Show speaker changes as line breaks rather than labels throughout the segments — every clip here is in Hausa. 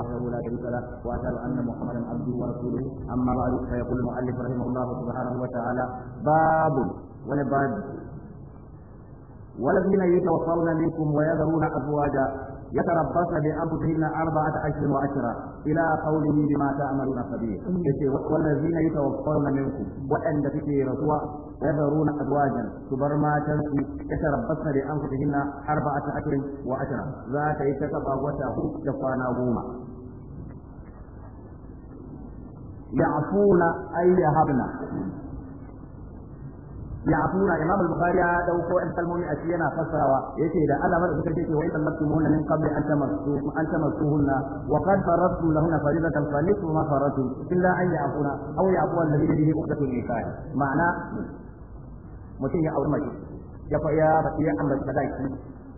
وحده لا شريك له واشهد ان محمدا عبده ورسوله اما بعد فيقول المؤلف رحمه الله سبحانه وتعالى باب ولباب والذين يتوفون منكم ويذرون ازواجا يتربصن بأنفسهن أربعة أشهر وعشرة إلى قوله بما تعملون خبير والذين يتوفون منكم وأن في رسوا يذرون أزواجا كبر تنسي يتربصن بأنفسهن أربعة أشهر وعشرة ذات يتتبع وتهو دفانا ya'funa ay yahabna ya'funa imam al ya dauko an salmuni a yana fasarawa ya da Allah madu suka ce wa idan matumuna min qabl an tamassu an tamassuhunna wa qad faratu lahunna faridatan falis ma faratu illa ay ya'funa aw ya'fu alladhi bihi uqdatu nikah ma'ana mutum ya aure mace ya fa ya ya amma da dai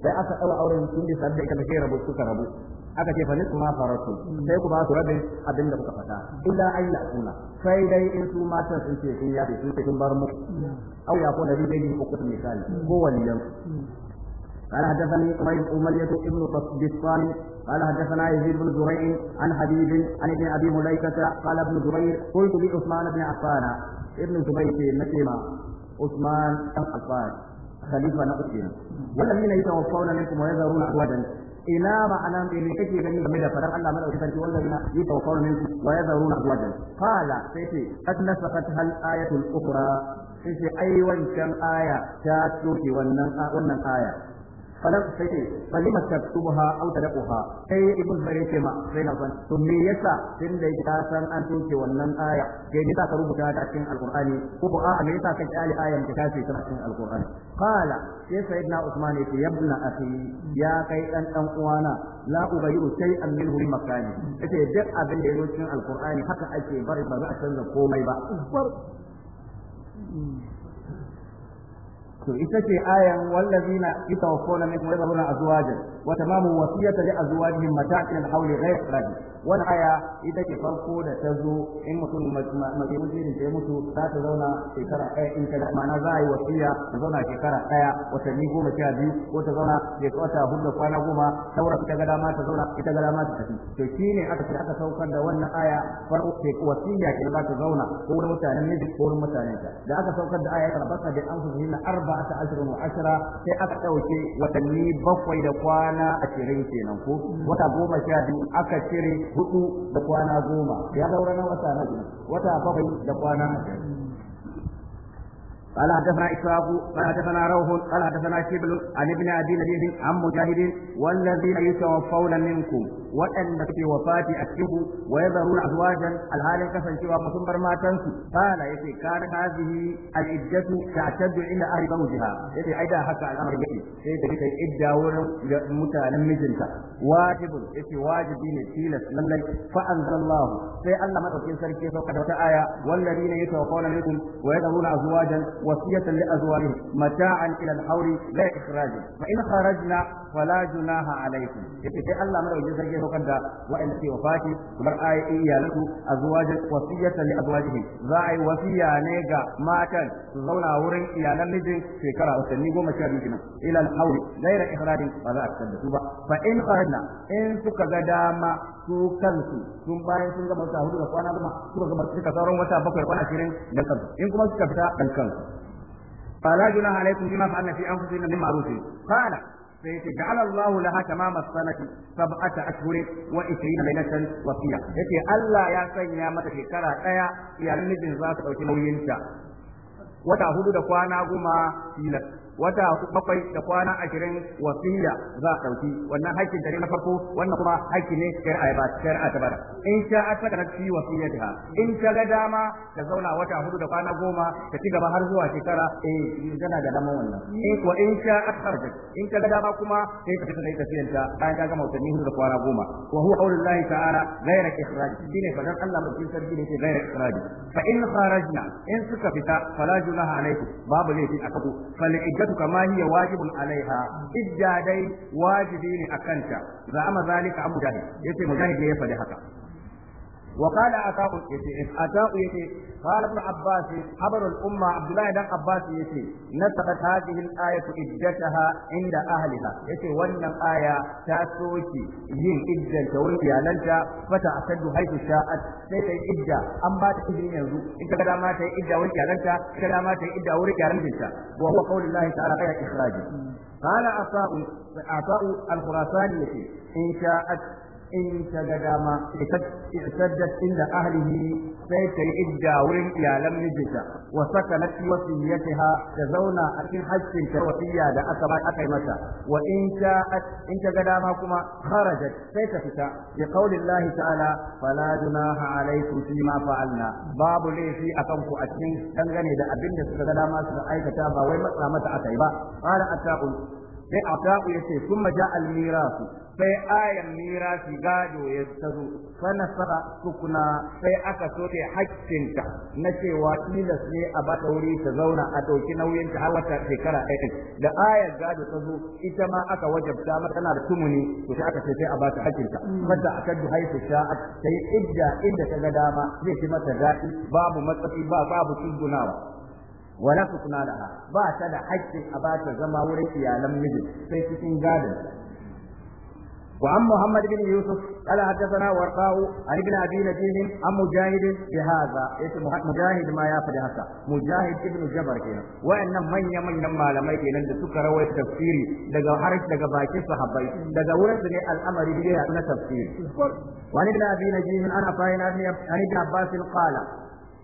sai aka dawo auren sun da sabbi kana kai rabu suka rabu aka ce fa nisfu ma faratu sai ku ba su rabin abin da kuka fata illa an ya kuna sai dai in su matan sun ce sun yafe sun ce sun bar mu au ya ko da dai dai ku kuma misali ko waliyan قال حدثني قريب أمية ابن بسطان قال حدثنا يزيد بن زريع عن حبيب عن ابن ابي مليكة قال ابن زبير قلت لعثمان بن عفان ابن زبير نسيما عثمان بن عفان خليفة نقصنا والذين يتوفون منكم ويذرون أزواجا ina ma'ana me kake gani game da fadar Allah madaukakin sarki wallazina yatawafawna minkum wa yadharuna azwajan qala sai ce qad nasakhat hal ayatul ukhra sai ce ai wancan aya ta soke wannan wannan aya falan sai ce falima taktubuha aw tadaquha sai ibn bare ce ma sai na san to me yasa din da yake san an toke wannan aya ke ni ka rubuta ta cikin alqur'ani ko ko a me yasa ka kyale ayan ta ce ta cikin alqur'ani qala sai sayyidina usman ya ce yabna akhi ya kai dan dan uwana la ughayyiru shay'an minhu bi makani yace duk abin da yake cikin alqur'ani haka ake bari ba za a canza komai ba to ita ce ayan wallazina yatawaffawna minkum wa yadhuruna azwajan wa tamamu wasiyata li azwajihim mata'an min hawli ghayr aya ita ce farko da ta zo in mutum mai mutum da mutu za ta zauna shekara ɗaya in ka ma'ana za a yi wasiya ta zauna shekara ɗaya watanni goma sha biyu ko ta zauna wata hudu kwana goma saura ita ga dama ta zauna ita ga dama ta tafi to shine aka ce aka saukar da wannan aya farko ce wasiya ke za ta zauna ko wurin mutanen miji ko wurin mutanen ta da aka saukar da aya ta rabata bi arba arba'ata ashrun wa ashra sai aka dauke watanni bakwai da kwana ashirin kenan ko wata goma sha biyu aka cire hudu da kwana goma ya daura na wata na wata bakwai da kwana ashirin قال حدثنا إسحاق قال حدثنا روح قال حدثنا شبل عن ابن أبي لبيب عن مجاهد والذين يتوفون منكم waɗanda suke wafati a cikin wa yadharuna azwajan alhalin kasancewa ba sun bar matansu kana yace kana hadhihi al-iddatu ta'taddu ila ahli zawjiha yace aida haka al'amari yake sai da kika idda wurin mutanen mijinta wajibun yace wajibi ne tilas lallai fa anzalallahu sai Allah madaukin sarki ya sauka da wata aya wallazina yatawaffawna minkum wa yadharuna azwajan wasiyatan li azwajihim mata'an ila al-hawli la ikhraj fa in kharajna fala junaha alaykum yace sai Allah madaukin sarki saukar da wa'anda ke wafati kamar ayi iyalansu azwajin wasiyatan li azwajihim za a yi wasiya ne ga matan su zauna wurin iyalan mijin shekara watanni goma sha biyu kenan ila al-hawli ihradin ba za a fitar da su ba fa in qarna in suka ga dama su kansu sun bayan sun gama wata hudu da kwana goma suka gama suka sauran wata bakwai kwana ashirin da kansu in kuma suka fita dan kansu فلا جناح عليكم فيما فعلنا في انفسنا من معروف قال sai yace ja'ala Allahu laha tamama sanati sab'ata ashhurin wa 20 laylatan wasiya yake Allah ya sanya mata shekara daya iyalin mijin za su dauki nauyin ta wata hudu da kwana goma tilas wata bakwai da kwana ashirin wasiya za a ɗauki wannan haƙƙin ta ne na farko wannan kuma haƙƙi ne shari'a ba shari'a ta bada in sha a saka na ci wasiyata in ta ga dama ta zauna wata hudu da kwana goma ta ci gaba har zuwa shekara eh tana da daman wannan in wa in sha a saka in ta ga dama kuma sai ta fita tafiyar ta bayan ta gama watanni hudu da kwana goma wa huwa qaulullahi ta'ala ghayra ikhraj shine fadan Allah mutum sarki ne ke ghayra ikhraj fa in kharajna in suka fita fala junaha alaikum babu fi akaku fal zakatu kama hiya alaiha idda dai wajibi ne a kanta akanta za'ama zalika abu ya ce mujahid ne ya faɗi haka وقال عطاء يتي عطاء يتي قال ابن عباس خبر الأمة عبد الله بن عباس يتي نسخت هذه الآية إدتها عند أهلها يتي وأن الآية تاسوكي yin iddanta wurin iyalanta fata asaddu haitu sha'at sai ta yi idda an ba ta izini yanzu in ka dama ta yi idda wurin iyalanta ka dama ta yi idda wurin iyalanta wa huwa qaulullahi ta'ala ayat ikhraji qala asa'u asa'u al in sha'at in ta ga dama saddat inda ahlihi sai ta yi idda wurin iyalan mijinta wa sakanat wasiyataha ta zauna a cikin haƙƙin ta wasiya da aka ba aka yi mata wa in ta in ta ga dama kuma kharajat sai ta fita bi qaulillahi ta'ala fala junaha alaykum fi ma fa'alna babu laifi akan ku a cikin dangane da abin da suka ga dama suka aikata ba wai matsa mata aka yi ba qala attaqul sai abda'u ya ce sun maja almirasu sai ayan mirasi gado ya tazo sana sara sukuna sai aka soke haƙƙinta na cewa tilas ne a ba wuri ta zauna a ɗauki nauyin ta har wata shekara ɗaya da a'yan gado ta zo ita ma aka wajabta mata tana da tumuni to sai aka ce sai a ba ta haƙƙinta fadda akan duhai ta yi sai inda ta ga dama zai ci mata daɗi babu matsafi ba babu tsugunawa Wani asusuna da ha, ba ta da hakki a ba ta zama wurin iyalan miji sai cikin gadin. Ba an Muhammadu bin Yusuf, al'ada tana warfawo, a rikina biyu na jihun an mujaahili ya haza, e ce ma ya faɗi haza, mujaahil tuni zama da kenan, wayannan manya-manyan malamai kenan da suka rawar tafsiri daga har daga bakin su daga wurin su ne al'amari biyar na tafsiri. Wani rikina biyu na jihun ana fahimtar a rika basin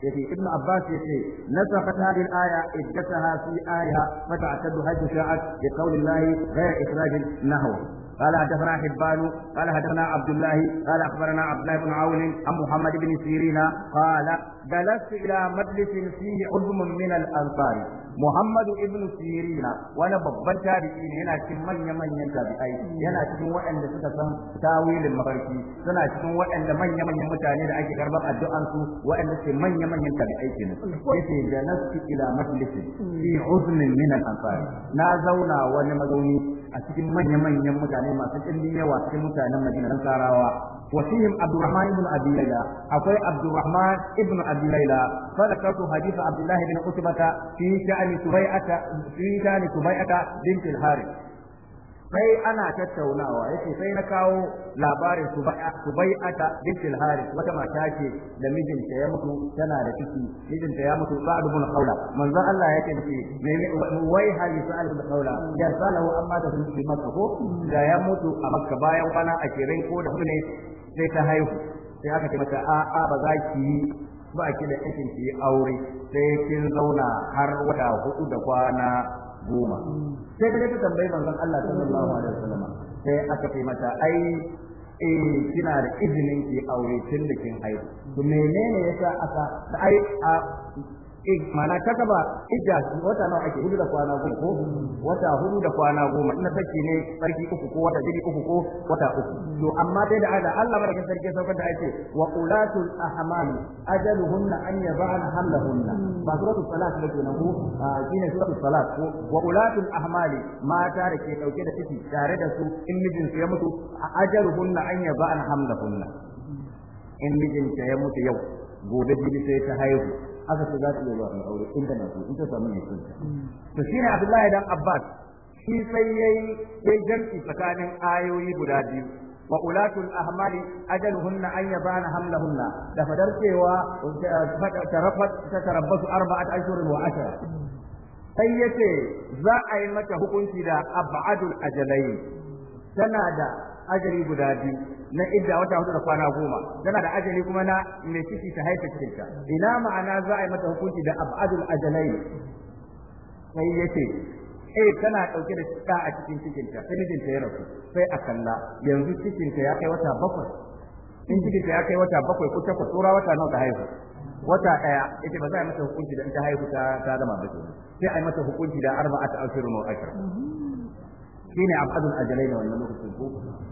yake ibn abbas yake nasakhat hadhihi al-aya iddataha fi ayha fata'taddu hadhihi sha'at bi qawlillahi ghayra ikhraj an-nahw قال حدثنا حبان قال حدثنا عبد الله قال اخبرنا عبد الله بن عون عن محمد بن سيرين قال جلست إلى مجلس فيه عضو من الأنصار Muhammadu ibn Sirina wani babban tabi'i ne yana cikin manya manyan tabi'ai yana cikin waɗanda suka san tawilin mafarki suna cikin waɗanda manya manyan mutane da ake karɓar addu'an su waɗanda suke manya manyan tabi'ai kenan yace da nasu ila majlisin fi uzmin min al-ansari na zauna wani mazauni a cikin manya manyan mutane masu yawa cikin mutanen Madina Sarawa وفيهم عبد الرحمن بن ابي ليلى اخوي عبد الرحمن ابن أبي ليلى فذكرت حديث عبد الله بن عتبة في شأن سبيعة في شأن سبيعة بنت الحارث sai ana tattaunawa yake sai na kawo labarin su bai ata bintul haris wata mata ce da mijinta ya mutu tana da ciki mijinta ya mutu sa'ad ibn khawla manzon Allah yake ce me wai hali sa'ad ibn khawla ya salahu amma da sun ci maka ko da ya mutu a makka bayan kwana a kirin ko da ne sai ta haihu sai aka ce mata a a ba za ki ba ki da aikin ki aure sai kin zauna har wata hudu da kwana goma sai ta ta tambayi manzon Allah sallallahu alaihi wasallam sai aka ce mata ai eh kina da izinin ki aure tun da kin haihu to menene yasa aka ai Eh, ma'ana kasaba idda wata nawa ake hudu da kwana goma ko wata hudu da kwana goma ina saki ne sarki uku ko wata biyu uku ko wata uku to amma dai da Allah Allah barka sarki saukar da ake wa qulatul ahmam ajaluhunna an yadhana hamlahunna ba suratul salat da ke nan ko ah, shine suratul salat ko wa qulatul ahmal mata da ke dauke da titi tare da su in mijin su ya mutu ajaluhunna an yadhana hamlahunna in mijinta ya mutu yau gobe jibi sai ta haihu aka ce za su iya zuwa mai aure in tana so in ta samu ne sun to ne Abdullahi dan Abbas shi sai yayi yayi jam'i tsakanin ayoyi guda biyu wa ulatul ahmali ajaluhunna an yabana hamlahunna da fadar cewa tarafat ta tarabbasu arba'at ashhurin wa ashara sai yace za a yi mata hukunci da ab'adul ajalai tana da ajali guda biyu na idda wata hudu da kwana goma tana da ajali kuma na mai ciki ta haifa cikinta ina ma'ana za a yi mata hukunci da abadul ajalai sai yace eh tana dauke da cika a cikin cikinta sai mijinta ya rasu sai a kalla yanzu cikinta ya kai wata bakwai in cikinta ya kai wata bakwai ko takwas tsora wata nawa ta haihu wata daya yace ba za a yi mata hukunci da ita ta haihu ta ta zama ba sai a yi mata hukunci da arba'a ta wa ashra shine abadul ajalai na wannan lokacin ko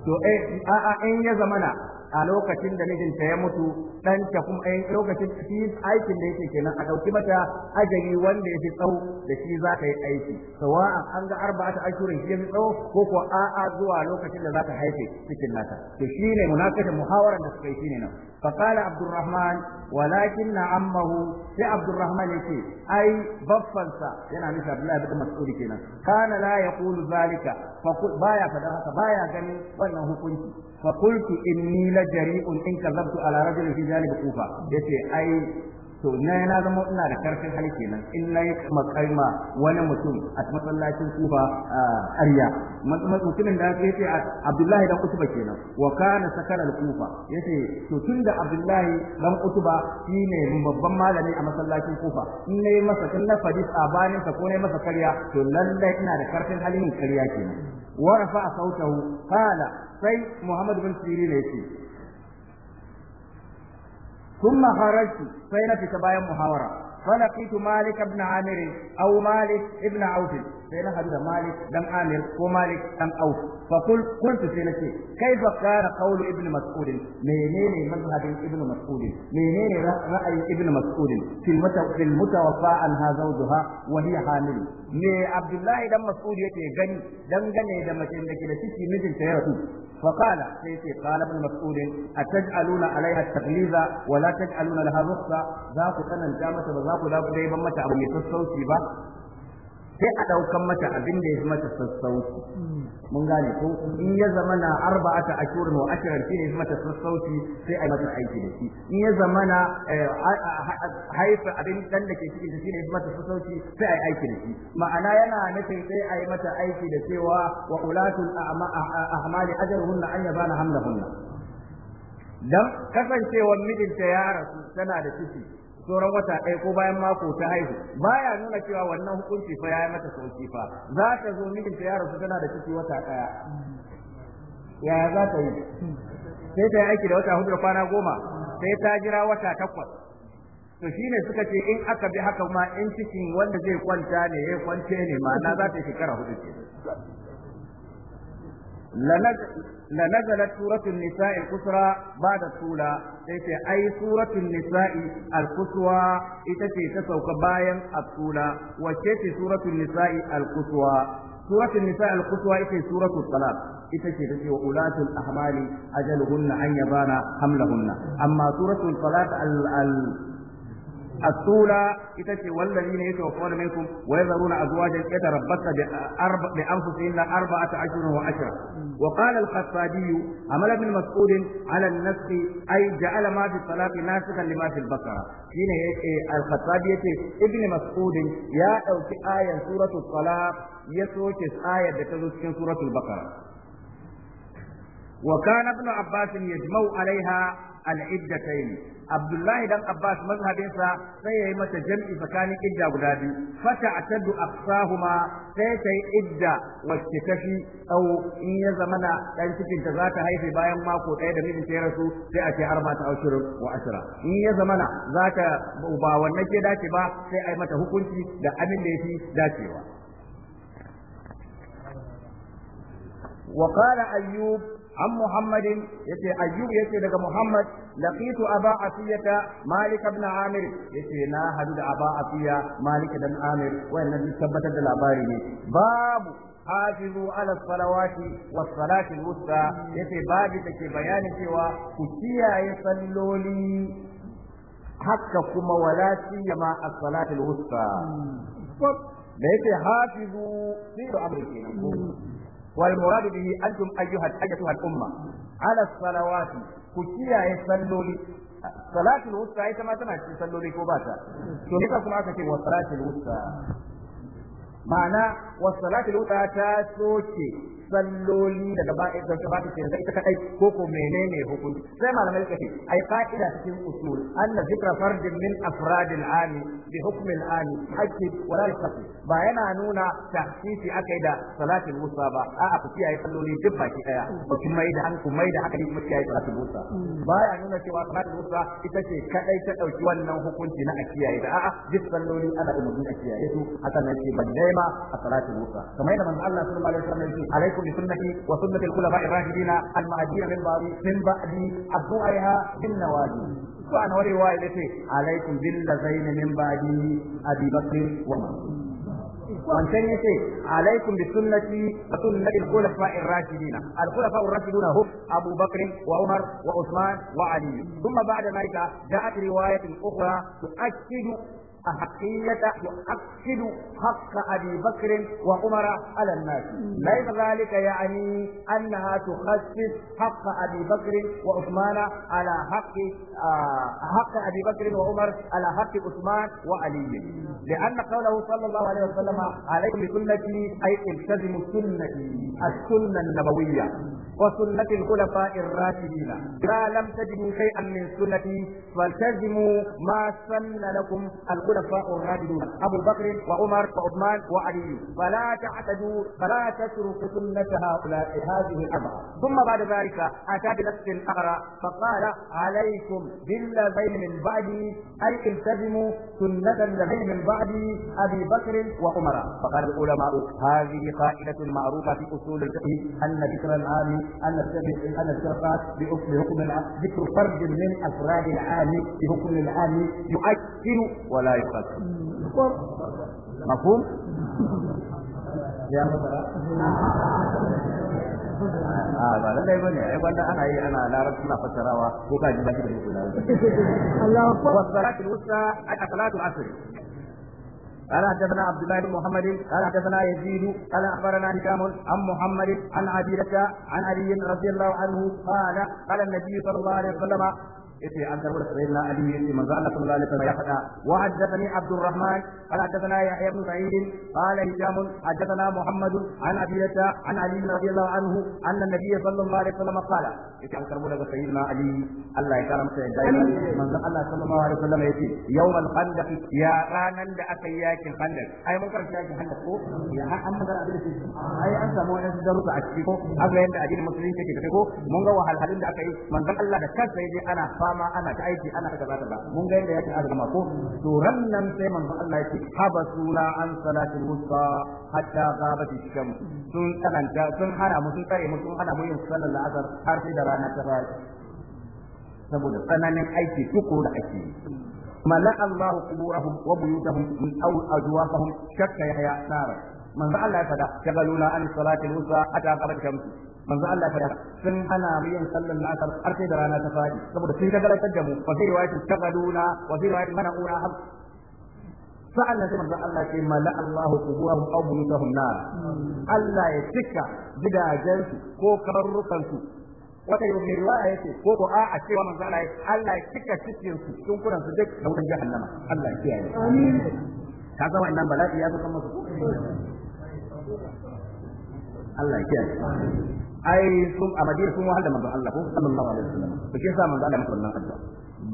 to eh a in ya zamana a lokacin da mijinta ya mutu ɗanta kuma a eh, lokacin shi aikin da yake kenan a ɗauki mata ajali wanda ya fi tsawo da shi za ta yi aiki Sawa an ga arba'ata ashurin shi yake tsau tsawo ko a a'a zuwa lokacin da za ka haife cikin nata to shine munakashin muhawaran da suka yi shine nan فقال عبد الرحمن ولكن عمه في عبد الرحمن يكي أي بفلسا يعني مثل عبد الله بن مسعود كنا كان لا يقول ذلك فقل بايا فدرك بايا غني وانه كنت فقلت إني لجريء إن كذبت على رجل في ذلك كوفة يتي أي to na na zama ina da karfin hali kenan in na yi makaima wani mutum a masallacin kufa a arya mutumin da ya ce abdullahi dan kutuba kenan wa kana sakara kufa ce to da abdullahi dan kutuba shine babban malami a masallacin kufa in nayi masa kan nafadi sabanin ka ko yi masa karya to lallai ina da karfin mai karya kenan wa rafa sautahu kala sai muhammad bin ya ce ثم خرجت فينفت بايا محاورة فلقيت مالك ابن عامر أو مالك ابن عوف sai na da Malik dan Amir ko Malik dan Auf fa kul kuntu sai nace kaifa kana qawlu ibn Mas'ud menene mazhabin ibn Mas'ud menene ra'ayin ibn Mas'ud fil mutawafil mutawaffa an hazawjuha wa hiya hamil me Abdullahi dan Mas'ud yake gani dangane da mace da ke da ciki mijinta ya rasu فقال سيتي قال ابن مسعود أتجعلون عليها za ku تجعلون mata ba, za ku جامة وذاك ذاك mata abu mai sassauci ba? sai a ɗaukan mata abin da ya fi mata sassauci mun gane ko in ya zama na arba'ata ashur wa ashirar shi ne ya fi mata sassauci sai a mata aiki da shi in ya zama na eh, haifa abin dan da ke cikin shi ne mata sassauci sai a yi aiki da shi ma'ana yana nufin sai a yi mata aiki da cewa wa ulatul a'mali ajruhunna an yabana hamlahunna dan kasancewar mijinta ya rasu tana da ciki sauran wata ɗaya ko bayan mako ta haihu baya nuna cewa wannan hukunci fa ya yi mata sauki fa za ta zo ta yaro su tana da ciki wata ɗaya yaya za ta yi sai ta yi aiki da wata hudu da kwana goma sai ta jira wata takwas to shine suka ce in aka bi haka ma in cikin wanda zai kwanta ne ya kwance ne ma'ana za ta yi shekara hudu ce لنزلت سورة النساء الكسرى بعد الطولة تيتي أي سورة النساء القصوى إتتي تسوك باين الطولة وشيتي سورة النساء القصوى سورة النساء القصوى إتتي سورة الطلاق إتتي تتي وأولاة الأحمال أجلهن أن يبان حملهن أما سورة الطلاق ال ال الصولة إتتي والذين يتوفون منكم ويذرون أزواجا يتربصن بأنفسهن أربعة أشهر وعشرة وقال الخفاجي عمل بن مسعود على النسخ أي جعل ما في الصلاة ناسخا لما في البقرة حين الخفاجي ابن مسعود يا أو في آية سورة الطلاق يسوك آية تزوج سورة البقرة وكان ابن عباس يجمع عليها al-iddatayn Abdullahi dan Abbas mazhabin sai ya yi mata jam'i tsakanin idda guda biyu fata atadu aqsahuma sai ta yi idda wacce ta fi au in ya zamana dan cikin ta zata haife bayan mako ɗaya da mijin ya rasu sai a ce ta ashirin wa ashira, in ya zamana zata ba wannan ke dace ba sai ai mata hukunci da amin da yafi dacewa وقال أيوب عن محمد يتي أيوب يتي لك محمد لقيت أبا عطية مالك بن عامر يتي نا حدود أبا عطية مالك بن عامر وإن ثبت الأباري باب حافظوا على الصلوات والصلاة الوسطى يتي باب تكي بيان سوى كتيا يصلولي حق كما ولا سيما الصلاة الوسطى da yake hafizu sai da amurka kenan والمراد به أنتم أيها أيتها الأمة على الصلوات كتيا يصلوا صلاة الوسطى هي كما تنا تصلوا لي كوباتا تو هيك كما كتي وصلاة الوسطى معنى والصلاة الوسطى تاسوكي salloli daga gaba ɗaya da ba ta da ita kadai ko ko menene hukunci sai malamai suka ce ai fa'ida cikin usul anna zikra fardin min afradil ami bi hukmi al ami hakki wala al ba yana nuna tahsisi akai da salatul musa ba a'a ku kiyaye salloli duk baki daya ba kun mai da hanku mai da haka kuma kiyaye salatul musa ba ya nuna cewa salatul musa ita ce kadai ta dauki wannan hukunci na a kiyaye da a'a duk salloli ana umarni a kiyaye su haka nan ce ban ma a salatul musa kamar yadda manzo Allah sallallahu alaihi wasallam ya ce عليكم بسنتي وسنة الخلفاء الراشدين المهديين من بعد من بعد أبوائها بالنواجذ وعن رواية عليكم بالذين من بعد أبي بكر ya ce alaikum bi sunnati wa sunnati al-khulafa ar-rashidin al-khulafa wa Umar wa أحقية يؤكد حق أبي بكر وعمر على الناس ليس ذلك يعني أنها تخصص حق أبي بكر وعثمان على حق آه حق أبي بكر وعمر على حق عثمان وعلي لأن قوله صلى الله عليه وسلم عليكم بسنتي أي التزموا سنتي السنة النبوية وسنة الخلفاء الراشدين إذا لم تجدوا شيئا من سنتي فالتزموا ما سن لكم الخلفاء الخلفاء الراشدون ابو بكر وعمر وعثمان وعلي فلا تعتدوا فلا تتركوا سنه هؤلاء هذه الامر ثم بعد ذلك اتى بنفس اخرى فقال عليكم بالذين من بعدي اي التزموا سنه الذين من بعدي ابي بكر وعمر فقال العلماء هذه قاعده معروفه في اصول الفقه ان ذكر العام ان ان الشرطات بحكم ذكر فرد من افراد العام بحكم العام يؤكد ولا haqqak mafhum ya a ba da dai bane ai banda ana yi ana larabci na fasarawa ko ka ji ba shi da ku Allahu akbar wa salatul قال حدثنا عبد الله بن محمد قال حدثنا يزيد قال اخبرنا هشام عن محمد عن عبيدة عن علي رضي الله عنه قال قال النبي صلى الله عليه وسلم yace an karbo da sayyidina ali yace manzo Allah sallallahu alaihi wasallam ya faɗa wa haddathani abdurrahman qala haddathana yahya ibn sa'id qala hisham haddathana muhammad an abiyata an ali radiyallahu anhu anna nabiy sallallahu alaihi wasallam qala yace an karbo da sayyidina ali Allah ya kara masa yadda manzo Allah sallallahu alaihi wasallam yace yawmal khandaq ya ranan da aka yi yakin khandaq ai mun karanta yakin khandaq ko ya an magana abin da ai an samu wani darussa a ciki ko aga yanda addinin ko mun ga wahalhalun da aka yi manzo da ana fama ana ta aiki ana ta kaza ba mun ga yadda yake azuma ko to rannan sai manzo Allah yake habasuna an salatul wusta hatta ghabat ash-shams sun tsananta sun hara mu sun tsare mu sun hana mu yin sallar azhar har sai da rana ta fara saboda tsananin aiki tukuru da ake yi ملأ الله قبورهم وبيوتهم من أول أجوافهم شك يحيى نارا من فعل هذا شغلونا an الصلاة musa حتى غابت kam. manzo Allah fara sun hana mu yin sallar asar har sai da rana ta fadi saboda sun ga galatar da mu wa fi riwayatin taqaduna wa fi riwayatin mana'una hab sa'an nan sai manzo Allah ya ce mala Allahu quburahum aw buyutahum nar Allah ya cika gidajen su ko karrukan su wata yau mai riwaya yace ko ko a a cewa manzo Allah Allah ya cika cikin su sun kuran su duk da wutar jahannama Allah ya kiyaye amin ka ga wannan bala'i ya zo kan musu Allah ya kiyaye ai sun a madina sun wahala manzon Allah ko sallallahu alaihi wasallam to ke sa manzon Allah musallan addu'a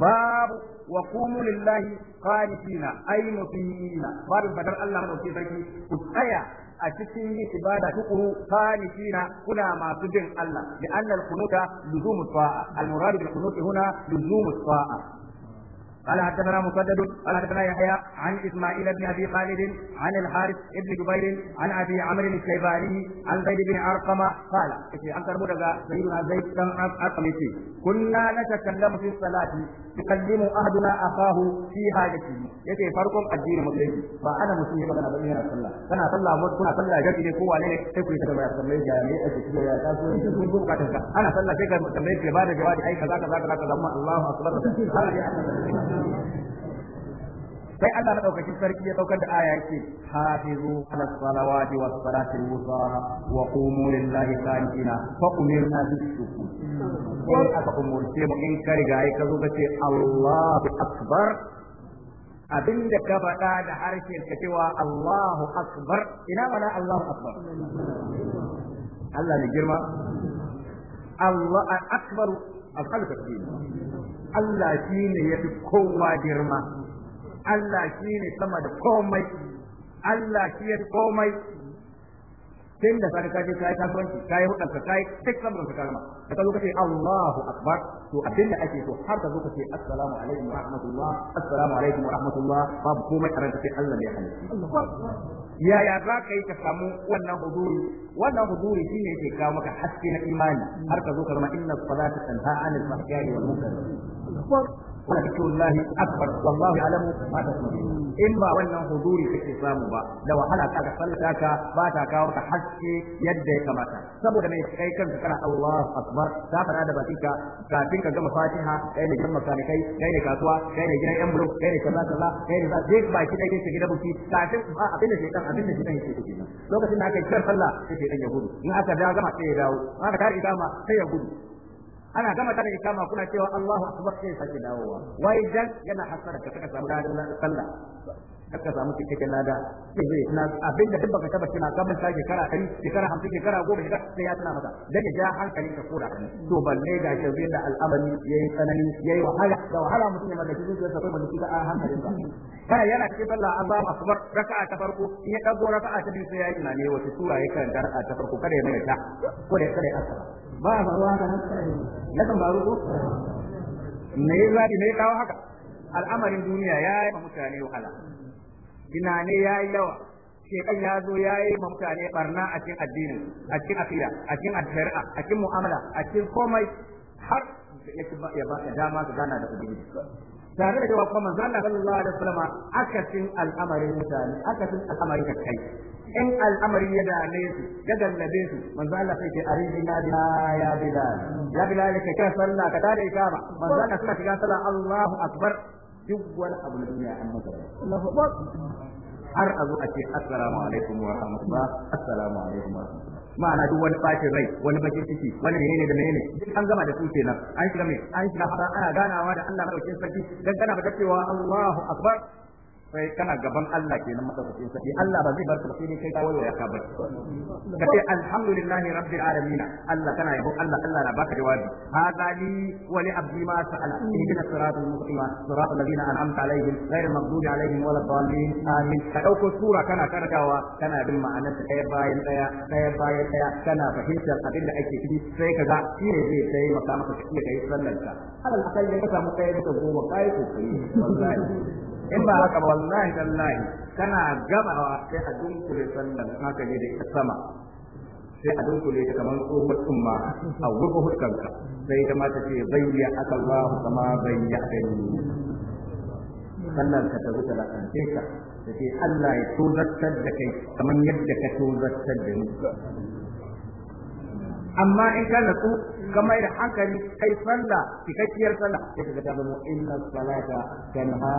babu wa qumu lillahi qanitina ay mutimina babu fadar Allah mu ke sarki ku tsaya a cikin yin ibada tukuru qanitina kuna masu jin Allah da annal qunuta luzumu ta'a al murad bil qunut huna luzumu ta'a قال حدثنا مسدد قال حدثنا يحيى عن اسماعيل بن ابي خالد عن الحارث بن جبير عن ابي عمرو الشيباني عن زيد بن ارقم قال في عن كربلاء سيدنا زيد بن ارقم كنا نتكلم في الصلاه yukallimu ahaduna akahu fi ya yace farkon addinin musulunci ba ana musulmi ba kana ba ina sallah kana sallah mu kuna sallah ga ne ko wane ne sai ku yi tambaya tambaye ga ne ake cewa ya taso ne kun ku ka tanka ana sallah sai ka tambaye ke ba da jawabi ai kaza kaza kaza kaza Allahu akbar har ya sai Allah madaukakin sarki ya daukar da aya yake hafizu ala salawati was salati musa wa qumu lillahi qanitina fa umirna bis sukun in aka umurce mu in ka riga ka zo ka ce Allahu akbar abinda ka faɗa da harshen ka cewa Allahu akbar ina mana Allahu akbar Allah ne girma Allah akbar al-khalq Allah shine yafi kowa girma Allah shi ne sama da komai Allah shi ya komai tun da saka kaje kai kasuwanci kai hudar ka kai duk samun ka karama da ka zo Allahu akbar to abin da ake so har ka zo kace assalamu alaikum wa rahmatullah assalamu alaikum wa rahmatullah babu komai a ranka sai Allah ne ya halitta ya ya za ka yi ka samu wannan huduri wannan shi ne yake kawo maka haske na imani har ka zo ka zama inna salata tanha anil fahsai wal munkar ولذكر الله أكبر والله يعلم ما تصنعون in ba wannan huduri kake samu ba da wahala ka sallata ka ba ta kawo ka haske yadda ya kamata saboda mai kai kanka kana Allahu akbar ka fara da bakinka kafin ka gama Fatiha kai ne gidan makanikai kai ne kasuwa kai ne gidan yan bulo kai ne kaza kaza kai ne zai ba ki dai kai gidan buki kafin ba abin da shekan abin da shekan yake kenan lokacin da aka yi sallah sai dan ya gudu in aka da gama sai ya dawo in aka tare ikama sai ya gudu ana gama tare ikama kuna cewa Allahu akbar sai sake dawowa wai dan yana hasara ka saka samu sallah ka samu cikakken lada sai zai na abin da duk baka taba kina kamar sa shekara 100 shekara 50 shekara 10 shekara sai ya tana masa. dan ya ja hankali ka kora kan to balle da ke zai da al'amari yayi tsanani yayi wahala da wahala mutum ya mallaki zuciya sa kuma mutum a hankalin sa kana yana cikin sallah Allahu akbar raka'a ta farko in ya dago raka'a ta biyu sai ya yi tunani wata sura ya karanta raka'a ta farko kada ya mai ko da kada ya asara ba ba ruwa kana na kan baro ko me ya zabi me ya kawo haka al'amarin duniya ya yi mutane wahala ya yi yawa shekan ya zo ya yi ma mutane barna a cikin addini a cikin akida a cikin shari'a a cikin mu'amala a cikin komai har ya ba ka dama ka gana da ubangiji tare da cewa kuma manzo Allah sallallahu alaihi wasallam akasin al'amarin mutane akasin al'amarin ka kai in al'amari ya dame su ya gallabe su manzo Allah sai ce aridi na bila ya bila ya bila ka kira sallah ka tare ikama manzo Allah sai ka kira sallah Allahu akbar duk wani abu na duniya an masa har a zo a ce assalamu alaikum wa rahmatullah assalamu alaikum wa rahmatullah ma'ana duk wani bacin rai wani bakin ciki wani menene da menene duk an gama da su kenan an shiga mai an shiga fara ana ganawa da Allah madaukakin sarki dan kana ba cewa Allahu akbar sai kana gaban Allah kenan madaukakin sarki Allah ba zai bar ka sai dai kai kawai ya ka bar ka ce alhamdulillahi rabbil alamin Allah kana yabo Allah Allah na baka jawabi hada li wa li abdi ma sa'ala ihdina siratal mustaqim siratal ladina an'amta alaihim ghayril maghdubi alaihim waladdallin amin ka dauko sura kana karantawa kana bin ma'anar ta ɗaya bayan ɗaya ɗaya bayan ɗaya kana fahimtar abin da ake ciki sai ka ga shi ne zai sai maka maka kai sallar alal akalli ka samu ɗaya da goma kai ko kai wallahi in ba haka wallahi tallahi kana gabawa sai a dunkule sannan haka ne da ita sama sai a dunkule ta kamar tsohon tsumma a gurfa huskanka sai ita ma ta ce bayya aka Allah kama bayya aka yi sannan ka taru ta la'ance ka da ce Allah ya tozartar da kai kamar yadda ka tozartar da ni amma in ka natsu ka mai da hankali kai sallah cikakkiyar sallah sai ka ga ta zama inna salata tanha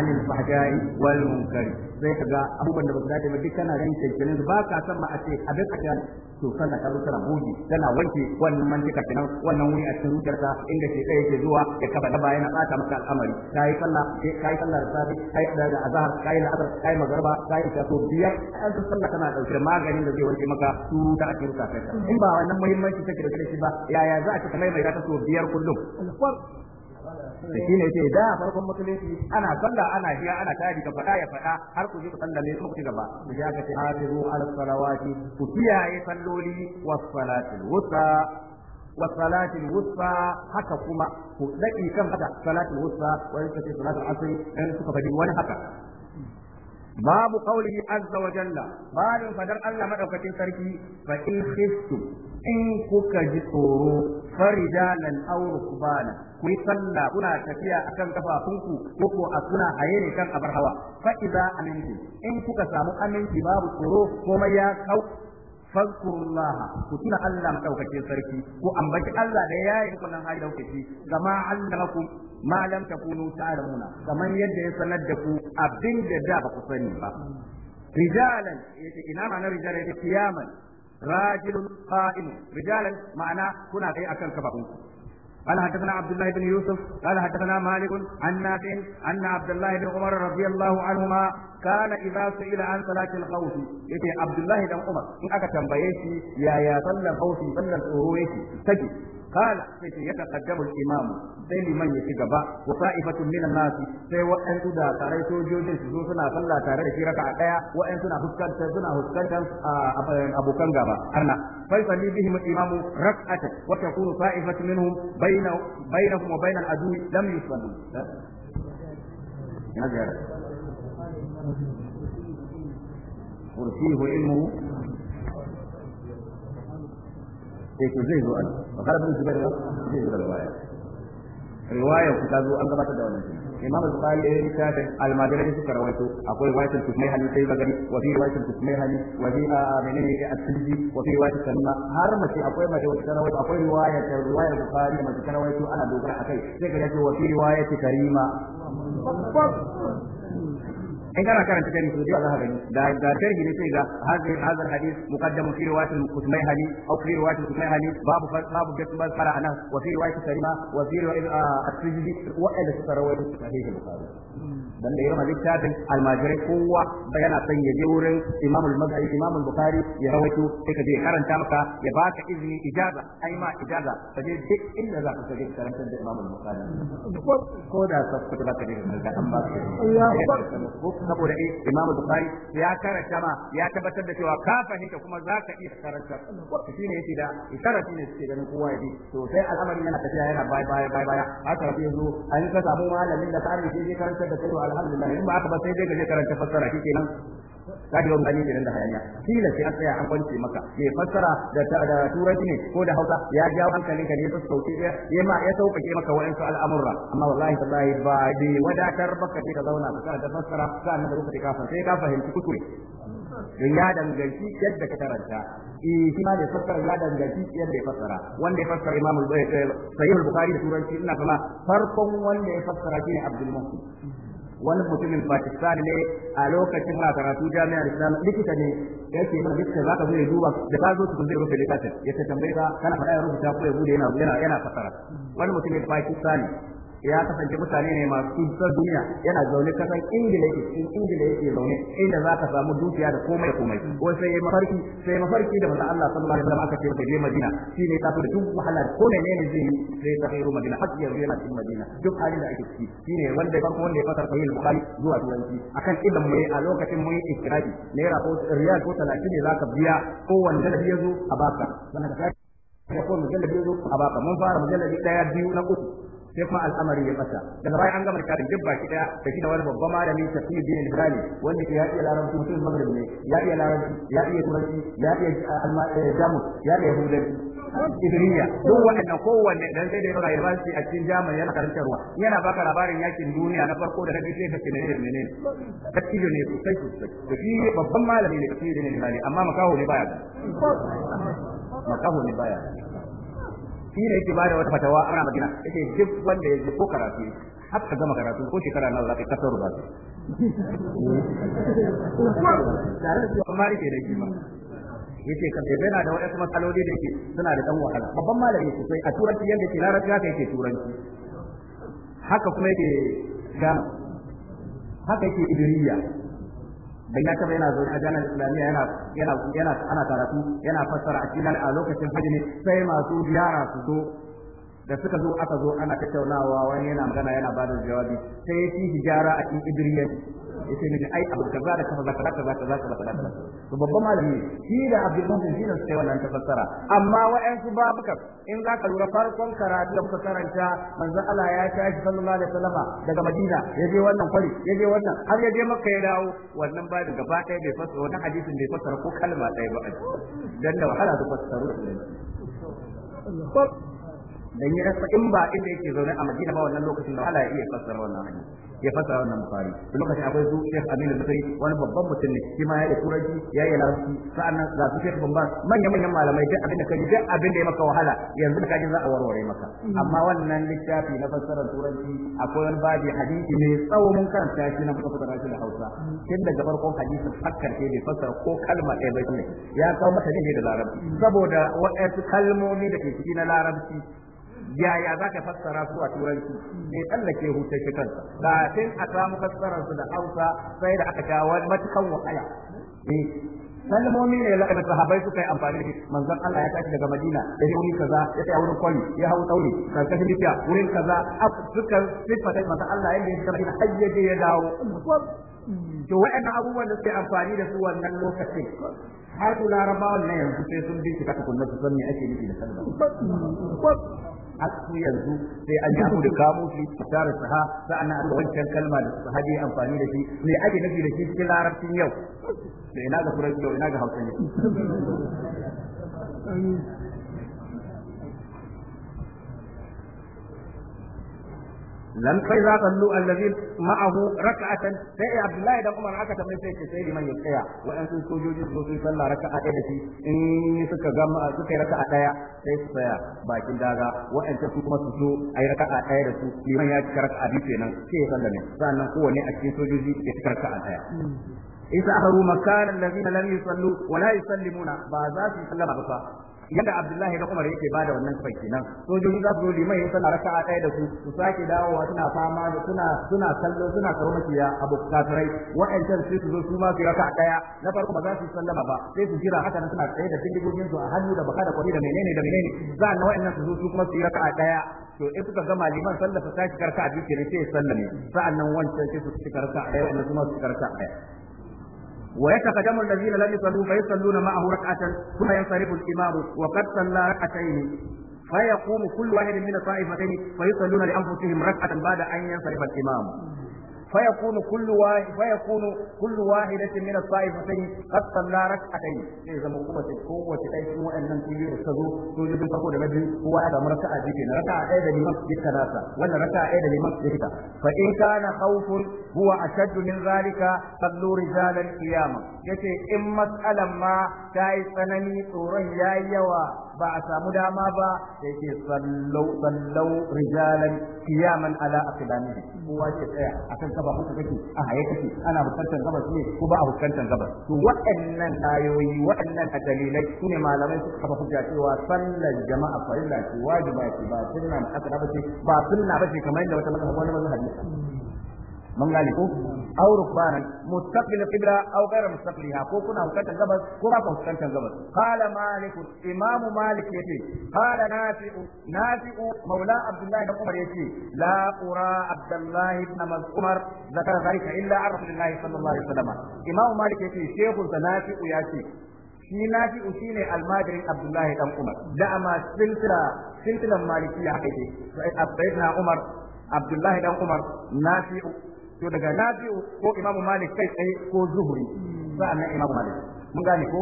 anil fahsha'i wal munkar sai ka ga abubuwan da ba su dace ba duk kana ganin kyakkyanin ba ka san ma a ce a duk kan to sallah ka zo tana tana wanke wannan mantika tana wannan wuri a cikin zuciyarka inda ke kai ke zuwa ya kafa da bayan ta maka al'amari kai sallah kai sallah da safi kai da azhar kai la'asar kai magriba kai ta to biyar an sallah kana dauke maganin da zai wanke maka su ta a cikin kafin in ba wannan muhimmanci take da shi ba yaya za kamar mai ta so biyar kullum da shine yace da farkon musulunci ana sallah ana jiya ana tari ka fada ya faɗa har ku ji ku ne ku ci gaba ku ya ka hafizu al salawati ku kiyaye salloli was salatil wusa was wusa haka kuma ku daki kan haka salatin wusa wani ce salatul asri dan suka fadi wani haka babu qawli azza wa jalla bayan fadar Allah madaukakin sarki fa in khiftu in kuka ji tsoro farijalan aw bana ku yi sallah kuna tafiya akan kafafunku ko ko a kuna haye ne kan abar hawa fa idza aminti in kuka samu aminci babu tsoro komai ya kau fadkurullah ku tuna Allah madaukake sarki ku ambaci Allah da yayi ku nan hali dauke shi kama allamakum ma lam takunu ta'lamuna kaman yadda ya sanar da ku abin da da ba ku sani ba rijalan ina ma na rijalan kiyaman راجل قائم رجالا معنا كنا في أكل كفاكم قال حدثنا عبد الله بن يوسف قال حدثنا مالك عن نافع أن عبد الله بن عمر رضي الله عنهما كان إذا سئل عن صلاة الخوف يتي عبد الله بن عمر إن أكا تنبيتي يا يا صلى الخوف صلى الأهويتي تجي قال يتقدم الإمام sai liman ya ci gaba wa sa'ifatun minan nas sai an da tare sojojin su zo suna sallah tare da shi a daya waɗansu suna fuskantar suna fuskantar abokan gaba arna فيصلي بهم الإمام ركعة وتكون طائفة منهم بين بينهم وبين العدو لم يصلوا. كرسيه علمه ايه زي وقال ابن الزبير riwayar ku ta zo an gabatar da wannan imam al-bukhari da yake da almajirai suka rawaito akwai riwayatul kusmayhani sai bagari wa fi riwayatul kusmayhani wa fi aminin at-tirmidhi wa fi riwayatul sanna har mace akwai mace wacce ta rawaito akwai riwayar riwayar bukhari da mace ta rawaito ana dogara akai sai ga yake wa fi riwayatul karima in kana karanta tarihi to da za ka gani da da tarihi ne sai ga hadhihi hadha hadith muqaddam fi riwayat al-qutmai hali aw fi riwayat al-qutmai hali babu babu gasu bal fara anas wa fi riwayat sarima wa fi riwayat at-tirmidhi wa ala sarawi sahih al-bukhari dan da yawan littafin almajirai kowa yana son ya je wurin imam al-mazhabi imam al-bukhari ya rawaito sai ka je karanta maka ya baka izini ijaza ai ma ijaza ka je duk inda za ka je karanta da imam al-bukhari ko da sa kuta ba ka je amma saboda eh Imam Bukhari ya karanta ma ya tabbatar da cewa ka fahimta kuma za ka iya karanta wanda shine yake da karatu ne suke ganin kowa yabi to sai al'amarin yana tafiya yana bai bai bai bai haka sai zo an ka samu malamin da ka amince zai karanta da kai alhamdulillah in ba haka ba sai dai ka je karanta fassara kike nan ka da yawan gani da hayaniya kila sai an tsaya an kwance maka me fassara da da turanci ne ko da Hausa ya jawo hankali ka ne ya sauke ya ma ya sauƙaƙe maka wa'ansu al'amurra amma wallahi tallahi ba bi wadatar baka ka zauna ka karanta fassara ka nan da rubuta kafin sai ka fahimci kuskure don ya danganci yadda ka taranta. eh shi ma da fassara ya danganci yadda ya fassara wanda ya fassara Imam eh, eh, Sahih al-Bukhari da turanci ina kama farkon wanda ya fassara ne Abdul Muhsin wani mutumin Pakistan ne a lokacin na karatu jami'ar Islam likita ne yake mana likita zaka zo ya duba da ka zo cikin zai rufe likita ya ta tambaye ka kana faɗa ya rubuta ko ya bude yana yana yana fasara wani mutumin Pakistan ya kasance mutane ne masu san duniya yana zaune kasan ingila yake cikin ingila yake zaune inda za ka samu dukiya da komai da komai ko sai mafarki sai mafarki da manzo Allah sallallahu alaihi wasallam aka ce ka Madina shi ne tafi da duk wahalar ko menene zai yi sai ta kai Madina har ya zai cikin Madina duk halin da ake ciki shi ne wanda ya farko wanda ya fasar sahih bukhari zuwa turanci akan idan mu a lokacin mu yi ikrari naira ko riyal ko 30 ne zaka biya ko wanda da ya zo a baka sannan ka ko mujallabi zo a baka mun fara mujallabi daya biyu na uku sai kuma al'amari ya bata daga baya an gama karin duk baki daya da shi da wani babban malami tafiyu bin ibrahim wanda ya iya larabci mutum maghrib ne ya iya larabci ya iya turanci ya iya eh, eh, jamus ya iya hudanci Idriya duk waɗannan kowanne dan sai da yana university a cikin Germany yana karantar ruwa yana baka labarin yakin duniya na farko da kake sai kake ne ne tafiyu ne sosai sosai da shi babban malami ne tafiyu ne amma makaho ne baya makaho ne baya shi ne yake bada wata fatawa ana magana yake duk wanda ya ko karatu har ka gama karatu ko shekara nawa za ka kasar ba su yake da cewa mari da ka bai yana da wadansu matsaloli da ke suna da dan wahala babban malami sai a turanci yanda ke larabci haka yake turanci haka kuma yake gama haka yake idiriya dan ya taba yana zo a jami'ar islamiyya yana yana yana ana karatu yana fassara a cikin a lokacin hajji sai masu ziyara su zo da suka zo aka zo ana tattaunawa wani yana magana yana ba da jawabi sai ya fi hijara a cikin idriya ce mini ai abu kaza da kaza kaza kaza kaza kaza kaza to babban malami shi da abdul mutin shi ne sai wannan fassara amma wa'ansu babukan in za ka lura farkon karatu da muka karanta manzo Allah ya tashi sallallahu alaihi wasallam daga Madina ya je wannan kwari ya je wannan har ya je Makka ya dawo wannan ba da gaba ɗaya bai fassara wannan hadisin bai fassara ko kalma ɗaya ba dan da wahala da fassaru dan ya rasa in ba inda yake zaune a Madina ba wannan lokacin da Allah ya iya fassara wannan hadisi ya fassara wannan Bukhari lokacin akwai zu Sheikh Aminu Bakari wani babban mutum ne shi ma ya yi turanci ya yi larabci sa'annan ga su Sheikh Bamban manyan manyan malamai duk abin da kaji duk abin da ya maka wahala yanzu da kaji za a warware maka amma wannan littafi na fassarar turanci akwai wani babi hadisi ne tsawon mun karanta shi na fassara shi da Hausa tun daga farkon hadisin fakkar ke bai fassara ko kalma ɗaya ba ne ya kawo mata ne da larabci saboda waɗansu kalmomi da ke ciki na larabci yaya za ka fassara su a turanci sai tsallake hutashi kansa kafin a samu fassararsu da hausa sai da aka kawo matukan wahala eh, kalmomi ne da sahabbai suka yi amfani da manzon Allah ya tashi daga Madina ya je wurin kaza ya tsaya wurin kwali ya hau tsauri karkashin bishiya wurin kaza suka sifata manzon Allah yadda ya shiga Madina ya dawo to wa'annan abubuwan da yi amfani da su wannan lokacin har ku larabawan na yanzu sai sun bi bincika kunna su san me ake nufi da kalma har su yanzu sai an yi da kamo shi tare su ha sa'annan aka wancan kalma da su hadi amfani da shi me ake nufi da shi cikin larabcin yau da ina ga furanci yau ina ga hausa ne lam za idza sallu alladhin ma'ahu rak'atan sai abdullahi da umar aka tambaye sai ce sai liman ya tsaya waɗansu sojoji su sun sallah raka'a ɗaya da shi in suka gama suka yi raka'a ɗaya sai su tsaya bakin daga wa'ansu su kuma su so ayi raka'a ɗaya da su liman ya cika raka'a biyu kenan sai ya sallame sannan kowanne a cikin sojoji ya cika raka'a ɗaya hmm. isa ahru makana alladhina lam yusallu wa la yusallimuna ba za su sallama ba yadda Abdullahi da Umar yake bada wannan kafai kenan sojoji za su zo liman yin sallah raka'a ɗaya da su su sake dawowa suna fama da suna suna kallo suna karo makiya abu kafirai wa'ancan sai su zo su ma su ɗaya na farko ba za su sallama ba sai su jira haka suna tsaye da dindigogin su a hannu da baka da kwari da menene da menene za na wa'annan su zo su kuma su yi a ɗaya to in suka gama liman sallah saki tashi karka a biyu kenan sai ya sallame sa'annan wancan sai su cika raka'a ɗaya su cika ɗaya ويتقدم الذين لم يصلوا فيصلون معه ركعة ثم ينصرف الإمام وقد صلى ركعتين فيقوم كل واحد من الطائفتين فيصلون لأنفسهم ركعة بعد أن ينصرف الإمام فيكون كل واحد فيكون كل واحدة من الطائفتين قد صلى ركعتين إذا مقومة القوة تأتي وأن تجير الصدو توجد الفقود بدري هو هذا مركعة ذكرنا ركعة أيضا لمسجد ثلاثة ولا ركعة أيضا لمسجد فإن كان خوف هو أشد من ذلك صلوا رجالا قياما يتي إن مسألة ما تاي سنني تورن يا يوا ba a samu dama ba da ce sallau sallau rijalan kiyaman ala aqdamih kowa ke tsaya akan kaba haka kake a haye kake ana hukuntar gabas ne ko ba a hukuntar gabas to waɗannan ayoyi waɗannan dalilai sune malamai suka kafa hujja cewa sallar jama'a farilla ce wajiba ce ba sunna ba ce ba sunna ba ce kamar yadda wata mazhab wani mazhabi mun gane ko aw rukbanan mustaqbil qibla aw ghayra mustaqbilha ko kuna fuskantar gabas ko ba ku fuskantar gabas qala malik imamu malik yace qala nafi'u nafi'u maula Abdullahi ibn umar yace la ura abdullah ibn umar zakara zalika illa an rasulillah sallallahu alaihi wasallam imamu malik yace shehu nafi'u yace shi nafi'u shine almajirin abdullahi dan umar da amma silsila silsilan malikiya Abdullahi dan umar abdullahi dan umar nafi'u to daga nafi'u ko imam malik kai tsaye ko zuhuri sa'annan imam malik mun gane ko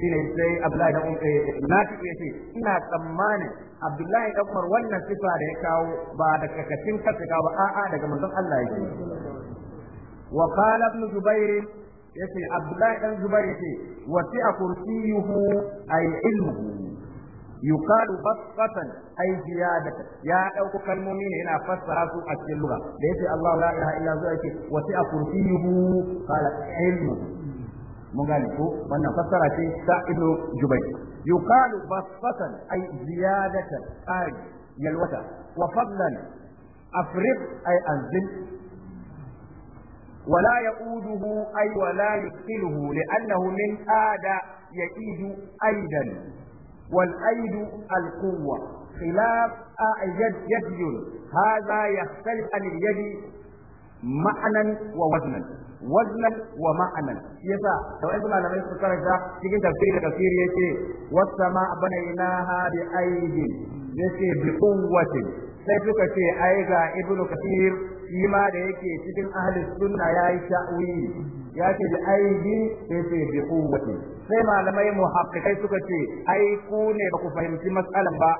shine sai abdullahi da umar eh, nafi'u yace ina tsammanin abdullahi da umar wannan sifa da ya kawo ba da kakacin kasa kawo a'a daga manzon Allah yake wa qala ibn jubair yace abdullahi dan jubair yace wasi'a kursiyuhu ay ilmuhu yuqalu basatan ay ziyadata ya dauko kalmomi ne yana fassara su a cikin lugha da yace Allah la ilaha illa huwa yake wasi'a kursiyuhu qala ilmu mun gane ko wannan fassara ce ta ibnu jubayr yuqalu basatan ay ziyadatan ay yalwata wa fadlan afriq ay anzil ولا يؤوده أي ولا يثقله لأنه من آدى يئيد أيضا والأيد القوة خلاف يد يد هذا يختلف wa اليد معنى ووزنا وزنا ومعنى يسا لو انتم على من سكرت cikin tafsiri da tafsiri yace wasama banainaha bi aidin yace bi quwwatin sai suka ce ai ga ibnu kathir shi da yake cikin ahli sunna yayi ta'wili ya ce da aihin sai sai bi kowace sai malamai mu hakikai suka ce ai ku ne ba ku fahimci matsalan ba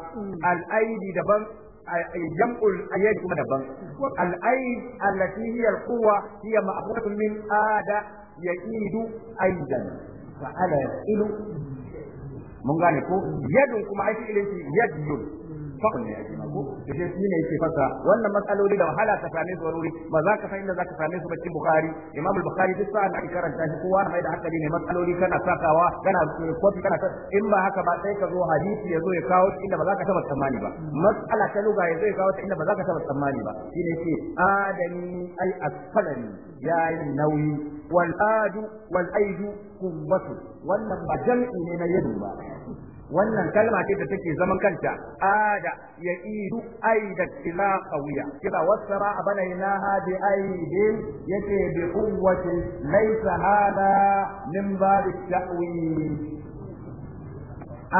al'aidi daban jam'ul ayyadi kuma daban al'aid allati hiya alquwa hiya ma'budu min ada yaidu aidan fa ala ilu mun gane ko yadun kuma ai ilin yadun fakon ne ake mako da shi shi ne yake fasa wannan matsaloli da wahala ka same su wuri ba za ka san inda za ka same su bakin bukhari imam bukhari duk sa'an ake karanta shi kowa mai da hankali ne matsaloli kana sakawa kana kofi kana in ba haka ba sai ka zo hadisi ya zo ya kawo shi inda ba za ka taba tsammani ba matsala ta luga ya zo ya kawo shi inda ba za ka taba tsammani ba shi ne ce adani al asfalani yayin nauyi wal adu wal aidu kubbatu wannan ba jam'i ne na yadu ba wannan kalma ce da take zaman kanta ada ya idu aidat ila qawiya kila wasara abanainaha bi aidin yake bi quwwati laysa hada min bab at-ta'wil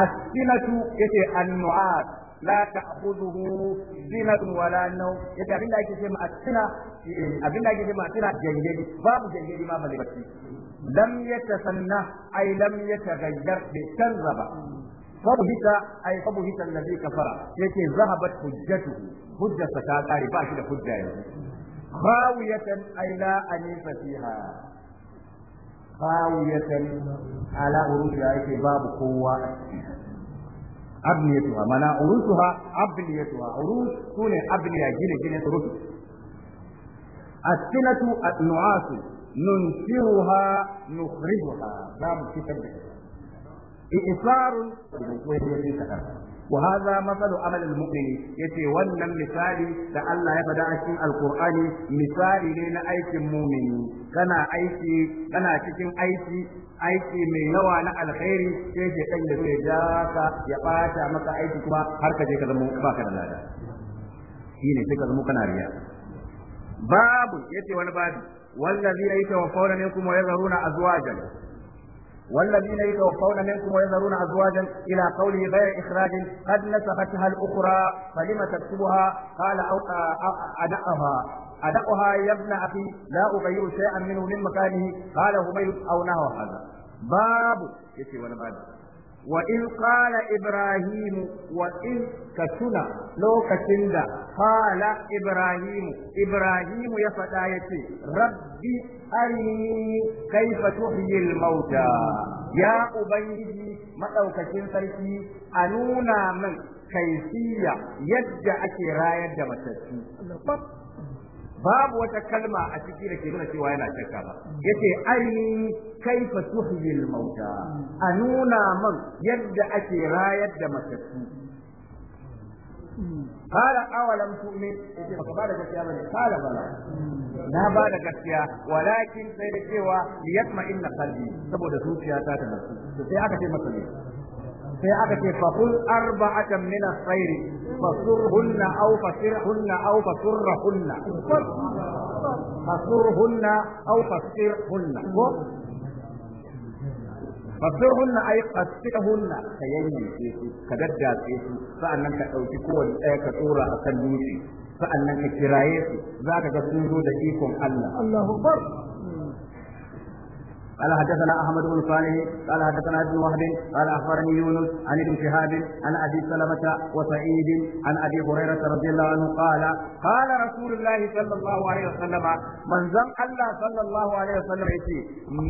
as-sinatu yace an la ta'khudhuhu sinatun wala naw yake abinda yake ce ma as-sina abinda yake ce ma as-sina jangeli babu jangeli ma bale bacci lam yatasanna ay lam yataghayyar bi tanzaba fabuhita ay fabuhita allazi kafara yace zahabat hujjatuhu hujjata ta kare ba shi da hujja yanzu khawiyatan ay la anifa fiha khawiyatan ala urusha yake babu kowa a cikin abniyatuha mana urusuha abniyatuha urus sune abniya gine gine turus isarun وهذا مثل عمل المؤمن يتي wannan misali da Allah ya fada a cikin alqur'ani misali ne na aikin mumini kana aiki kana cikin aiki aiki mai yawa na alkhairi sai je dan da zai jaka ya bata maka aiki kuma har ka je ka zama baka da lada sai ka zama kana riya babu yace wani babu والذين يتوفون منكم ويذرون أزواجا والذين يتوفون منكم ويذرون أزواجا إلى قوله غير إخراج قد نسختها الأخرى فلم تكتبها قال أو أدأها أدأها يا ابن أخي لا أغير شيئا منه من مكانه قال هبيب أو نهى هذا باب يسي ولا باب وإن قال إبراهيم وإن كتنا لو كتندا قال إبراهيم إبراهيم يفتايتي ربي أرني كيف تحيي الموتى يا أبيه ما لو كتن سيتي أنونا من كيفية يدعك راية دمتتي babu wata kalma a ciki da ke nuna cewa yana shakka ba yace arini kaifa tuhyil mauta a nuna man yadda ake rayar da matattu قال أولم تؤمن فبعد كتيا بني قال بلى na ba da gaskiya walakin sai da cewa liyatma inna qalbi saboda zuciya ta ta sai aka ce masa sai aka ce fa kul arba'atan min as-sayr fasurhunna aw fasirhunna aw fasurhunna fasurhunna aw fasirhunna fasirhunna ay qasihunna ka yayyanke su ka daddatse su sa'annan ka dauki kowanne ɗaya ka tsora a kan dutse sa'annan ka kiraye su zaka ga sun zo da ikon Allah Allahu akbar قال حدثنا احمد بن صالح قال حدثنا ابن وهب قال اخبرني يونس عن ابن شهاب عن ابي سلمه وسعيد عن ابي هريره رضي الله عنه قال قال رسول الله صلى الله عليه وسلم من زم الله صلى الله عليه وسلم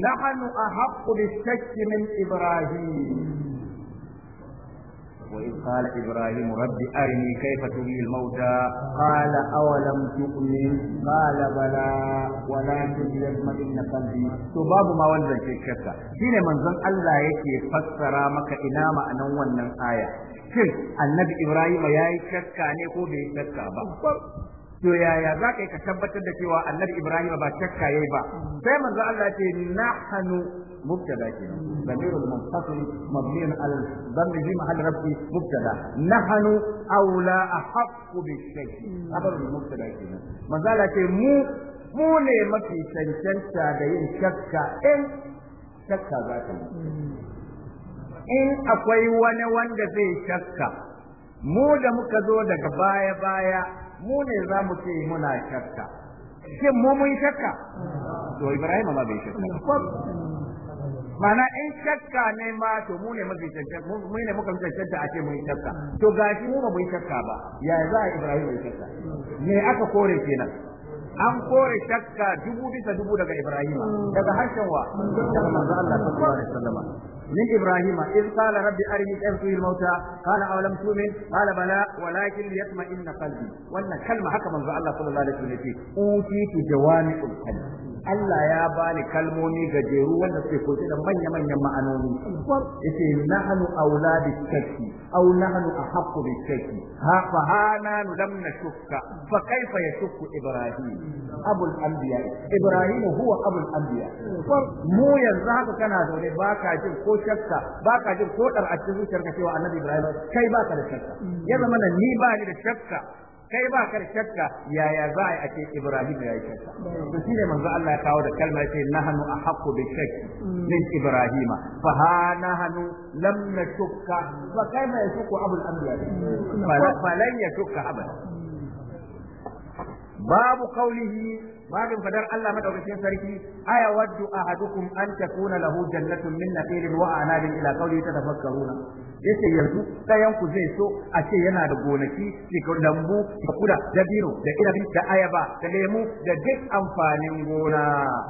نحن احق بالشك من ابراهيم وإذ قال إبراهيم رب أرني كيف تحيي الموتى قال أولم تؤمن قال بلى ولكن ليطمئن قلبي to babu ma wannan shekkarsa shine manzon Allah yake fassara maka ina ma'anan wannan aya shin annabi Ibrahim yayi shakka ne ko bai shakka ba to yaya za ka ka tabbatar da cewa annabi Ibrahim ba shakka yayi ba sai manzon Allah ce nahnu مبتدا كده ضمير المنفصل مبني على الضم في محل رفع مبتدا نحن اولى احق بالشيء خبر المبتدا كده ما زالت مو mu ne mafi cancanta da yin shakka in shakka za ta in akwai wani wanda zai shakka mu da muka zo daga baya-baya mu ne za mu ce muna shakka shin mu mun shakka to ibrahim ma bai shakka ma'ana in shakka ne ma to mu ne mu ne muka cancanta a ce mun shakka to gashi mu ba mu yi shakka ba ya za a Ibrahim yi shakka me aka kore kenan an kore shakka dubu bisa dubu daga Ibrahim daga harshen wa daga manzo Allah sallallahu alaihi wasallam من إبراهيم إذ قال رب أرني كيف تحيي الموتى قال أولم تؤمن قال بلى ولكن ليطمئن قلبي وأن كلمة حكم الله صلى الله عليه وسلم أوتيت جوامع الكلم Allah ya bani kalmomi gajeru wanda suke kunshe da manya-manyan ma'anoni yace nahnu aula bi shakki aw nahnu ahaqqu bi shakki ha fa hana lam nashukka fa kaifa yashukku ibrahim abul anbiya ibrahim huwa abul anbiya mu yanzu haka kana zaune baka jin ko shakka baka jin ko dar a cikin zuciyarka cewa annabi ibrahim kai baka da shakka ya zama ni ba ni da shakka kai ba kar shakka yaya za a yi ce Ibrahim ya yi shakka to shine manzo Allah ya kawo da kalma yace nahnu ahqqu bi shakk min Ibrahim fa ha nahnu lam nashukka fa kayfa yashukku abul anbiya fa lan yashukka abada babu qawlihi babin fadar Allah madaukakin sarki aya waddu ahadukum an takuna lahu jannatun min nakhilin wa anabin ila qawli tadafakkaruna yace yanzu dayan ku zai so a ce yana da gonaki ke lambu da kuda da biro da inabi da ayaba da lemu da duk amfanin gona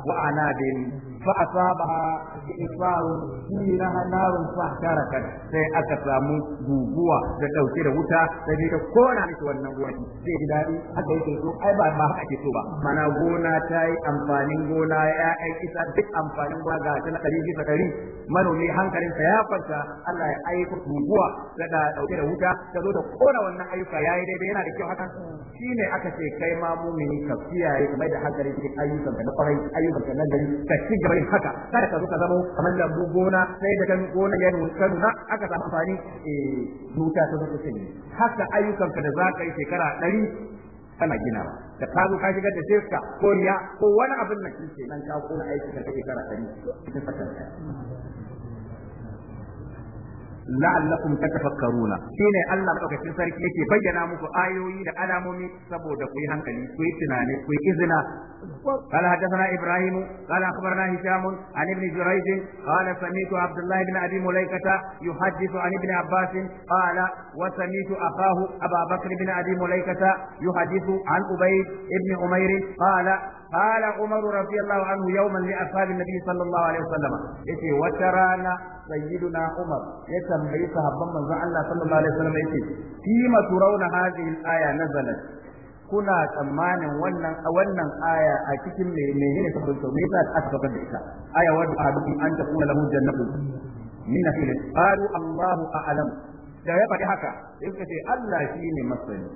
wa anabin fa asabaha isfaru fi naharun fa sai aka samu guguwa da dauke da wuta sai ta kona miki wannan gonaki zai ji dadi haka yake so ai ba ma haka ke so ba mana gona ta yi amfanin gona ya'yan isa duk amfanin gona ga ta na ɗari bisa ɗari manomi hankalinsa ya kwanta Allah ya aiko guguwa da da dauke da wuta ta zo ta kona wannan ayyuka yayi daidai yana da kyau haka ne aka ce kai ma mumini ka kiyaye kamar da hankali cikin ayyukan ka na kwarai ayyukan ka na gari ka ci gaba haka kada ka zo ka zama kamar lambu gona sai da kan gona ya nuna aka samu amfani eh wuta ta zo ta sanya haka ayyukan ka da za ka yi shekara ɗari kana ginawa da ka zo ka shigar da shirka ko riya ko wani abin nan shi ke nan ka kuna aiki ka kai kara ɗari la'allakum tatafakkaruna shine Allah madaukakin sarki yake bayyana muku ayoyi da alamomi saboda ku yi hankali ku yi tunani ku yi izina قال حدثنا ابراهيم قال اخبرنا هشام عن ابن جريج قال سمعت عبد الله بن ابي مليكه يحدث عن ابن عباس قال وسمعت اخاه ابا بكر بن ابي مليكه يحدث عن ابي بن عمير قال قال عمر رضي الله عنه يوما لأصحاب النبي صلى rana عليه na Umar ya tambayi عمر manzan صحابا من الله صلى الله عليه وسلم يتي فيما ترون هذه الآية نزلت kuna tsammanin wannan a wannan aya a cikin menene ta kunta me yasa aka gabar da ita aya wadda ahadukum an takuna lahu jannatu min fil qalu allahu a'lam da ya faɗi haka sai suka ce Allah shine masani